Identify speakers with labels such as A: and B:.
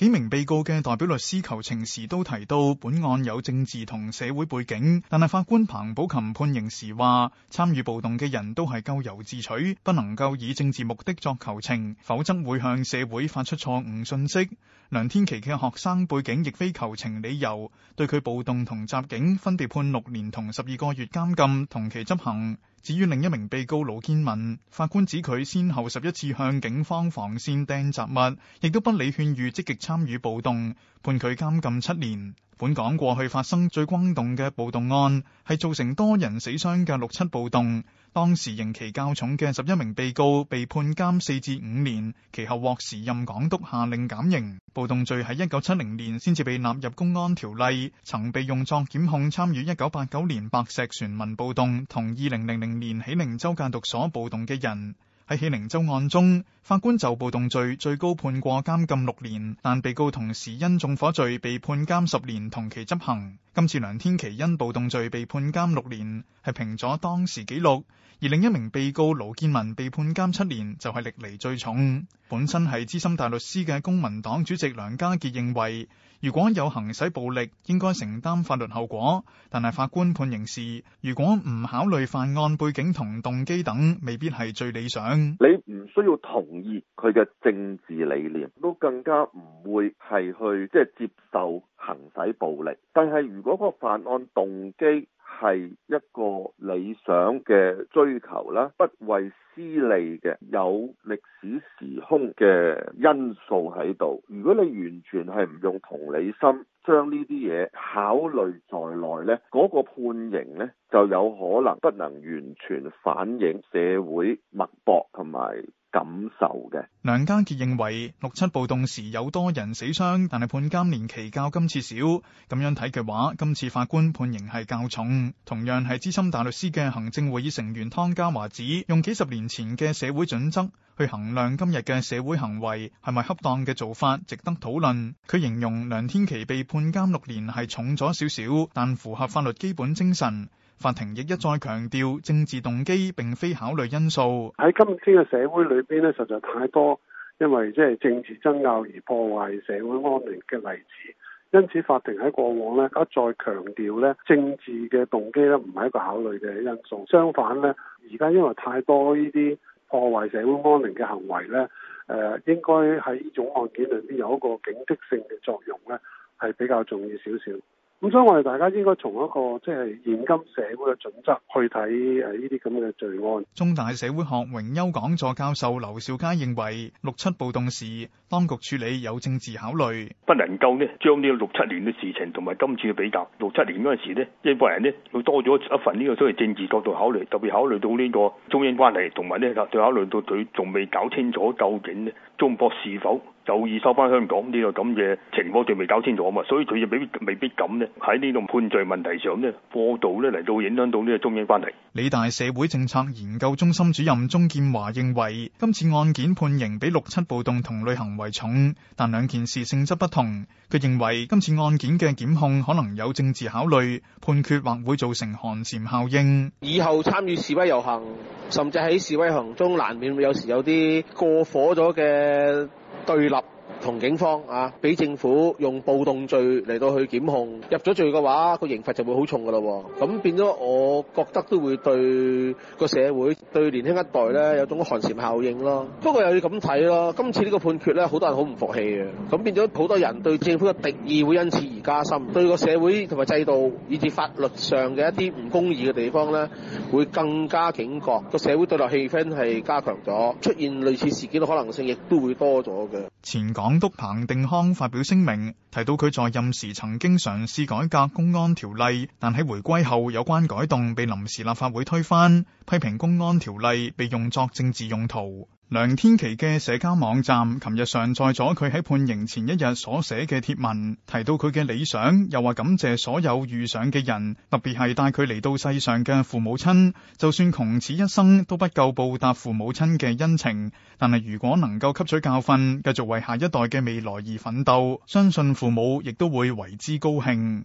A: 幾名被告嘅代表律師求情時都提到，本案有政治同社會背景，但係法官彭寶琴判刑時話，參與暴動嘅人都係咎由自取，不能夠以政治目的作求情，否則會向社會發出錯誤信息。梁天琦嘅學生背景亦非求情理由，對佢暴動同襲警分別判六年同十二個月監禁，同期執行。至於另一名被告盧建民，法官指佢先後十一次向警方防線掟雜物，亦都不理勸喻，積極參與暴動，判佢監禁七年。本港過去發生最轟動嘅暴動案，係造成多人死傷嘅六七暴動。當時刑期較重嘅十一名被告被判監四至五年，其後獲時任港督下令減刑。暴動罪喺一九七零年先至被納入公安條例，曾被用作檢控參與一九八九年白石船民暴動同二零零零年喜靈洲戒毒所暴動嘅人。喺起靈州案中，法官就暴動罪最高判過監禁六年，但被告同時因縱火罪被判監十年同期執行。今次梁天琦因暴動罪被判監六年，係平咗當時紀錄，而另一名被告盧建民被判監七年，就係歷嚟最重。本身係資深大律師嘅公民黨主席梁家傑認為，如果有行使暴力，應該承擔法律後果。但係法官判刑時，如果唔考慮犯案背景同動機等，未必係最理想。
B: 你唔需要同意佢嘅政治理念，都更加唔會係去即係、就是、接受行使暴力。但係如果個犯案動機，係一個理想嘅追求啦，不為私利嘅，有歷史時空嘅因素喺度。如果你完全係唔用同理心將，將呢啲嘢考慮在內，呢嗰個判刑呢，就有可能不能完全反映社會脈搏同埋。感受嘅
A: 梁家傑認為六七暴動時有多人死傷，但係判監年期較今次少。咁樣睇嘅話，今次法官判刑係較重。同樣係資深大律師嘅行政會議成員湯家驊指，用幾十年前嘅社會準則去衡量今日嘅社會行為係咪恰當嘅做法，值得討論。佢形容梁天琦被判監六年係重咗少少，但符合法律基本精神。法庭亦一再強調，政治動機並非考慮因素。喺今天嘅社會裏邊咧，實在太多因為即係政治爭拗而破壞社會安寧嘅例子。因此，法庭喺過往呢一再強調咧，政治
B: 嘅動機咧唔係一個考慮嘅因素。相反咧，而家因為太多呢啲破壞社會安寧嘅行為咧，誒、呃、應該喺呢種案件裏邊有一個警惕
A: 性嘅作用咧，係比較重要少少。咁所以我哋大家應該從一個即係現今社會嘅準則去睇，誒，呢啲咁嘅罪案。中大社會學榮休講座教授劉兆佳認為，六七暴動時，當局處理有政治考慮，
B: 不能夠呢將呢個六七年嘅事情同埋今次嘅比較。六七年嗰陣時咧，英國人呢會多咗一份呢個所謂政治角度考慮，特別考慮到呢個中英關係，同埋呢就考慮到佢仲未搞清楚究竟咧。中國是否就意收翻香港呢個咁嘅情況仲未搞清楚啊嘛，所以佢就未必未必咁咧。喺呢個判罪問題上呢，過度呢嚟到影響到呢個中英關係。
A: 理大社會政策研究中心主任鍾建華認為，今次案件判刑比六七暴動同類行為重，但兩件事性質不同。佢認為今次案件嘅檢控可能有政治考慮，判決或會造成寒蟬效應。
B: 以後參與示威遊行，甚至喺示威行中難免會有時有啲過火咗嘅。誒，對立。同警方啊，俾政府用暴動罪嚟到去檢控，入咗罪嘅話，個刑罰就會好重噶咯。咁、啊、變咗，我覺得都會對個社會、對年輕一代咧有種寒蟬效應咯。不過又要咁睇咯，今次呢個判決咧，好多人好唔服氣嘅。咁、啊、變咗，好多人對政府嘅敵意會因此而加深，對個社會同埋制度，以至法律上嘅一啲唔公義嘅地方咧，會更加警覺。個社會對立氣氛係加強咗，出現類似事件嘅可能性亦都會多咗嘅。
A: 前港。港督彭定康發表聲明，提到佢在任時曾經嘗試改革公安條例，但喺回歸後有關改動被臨時立法會推翻，批評公安條例被用作政治用途。梁天琦嘅社交網站琴日上載咗佢喺判刑前一日所寫嘅帖文，提到佢嘅理想，又話感謝所有遇上嘅人，特別係帶佢嚟到世上嘅父母親，就算窮此一生都不夠報答父母親嘅恩情，但係如果能夠吸取教訓，繼續為下一代嘅未來而奮鬥，相信父母亦都會為之高興。